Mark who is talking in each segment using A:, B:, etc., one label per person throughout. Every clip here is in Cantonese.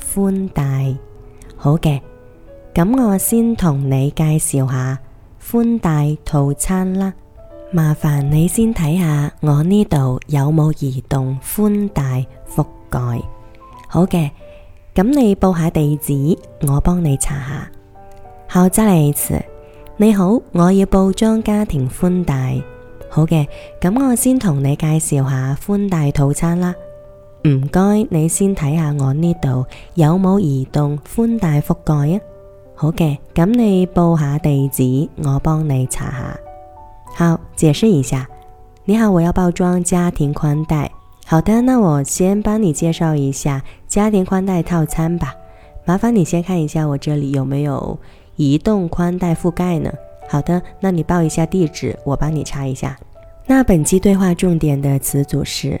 A: 寬帶，好嘅，咁我先同你介紹下寬帶套餐啦。麻煩你先睇下我呢度有冇移動寬帶覆蓋。好嘅，咁你報下地址，我幫你查下。好，就嚟。你好，我要報裝家庭寬帶。好嘅，咁我先同你介紹下寬帶套餐啦。唔該，你先睇下我呢度有冇移動寬帶覆蓋啊？好嘅，咁你報下地址，我幫你查下。好，解釋一下。你好，我要報裝家庭寬帶。好的，那我先幫你介紹一下家庭寬帶套餐吧。麻煩你先看一下我這裡有沒有移動寬帶覆蓋呢？好的，那你報一下地址，我幫你查一下。那本期對話重點的詞組是。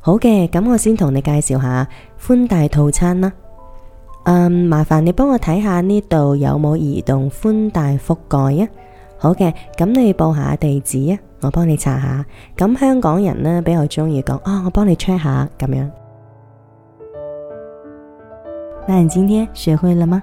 A: 好嘅，咁我先同你介紹下寬帶套餐啦。嗯，麻煩你幫我睇下呢度有冇移動寬帶覆蓋啊？好嘅，咁你報下地址啊，我幫你查下。咁香港人呢比較，中意講啊，我幫你 check 下咁樣。那你今天學會了嗎？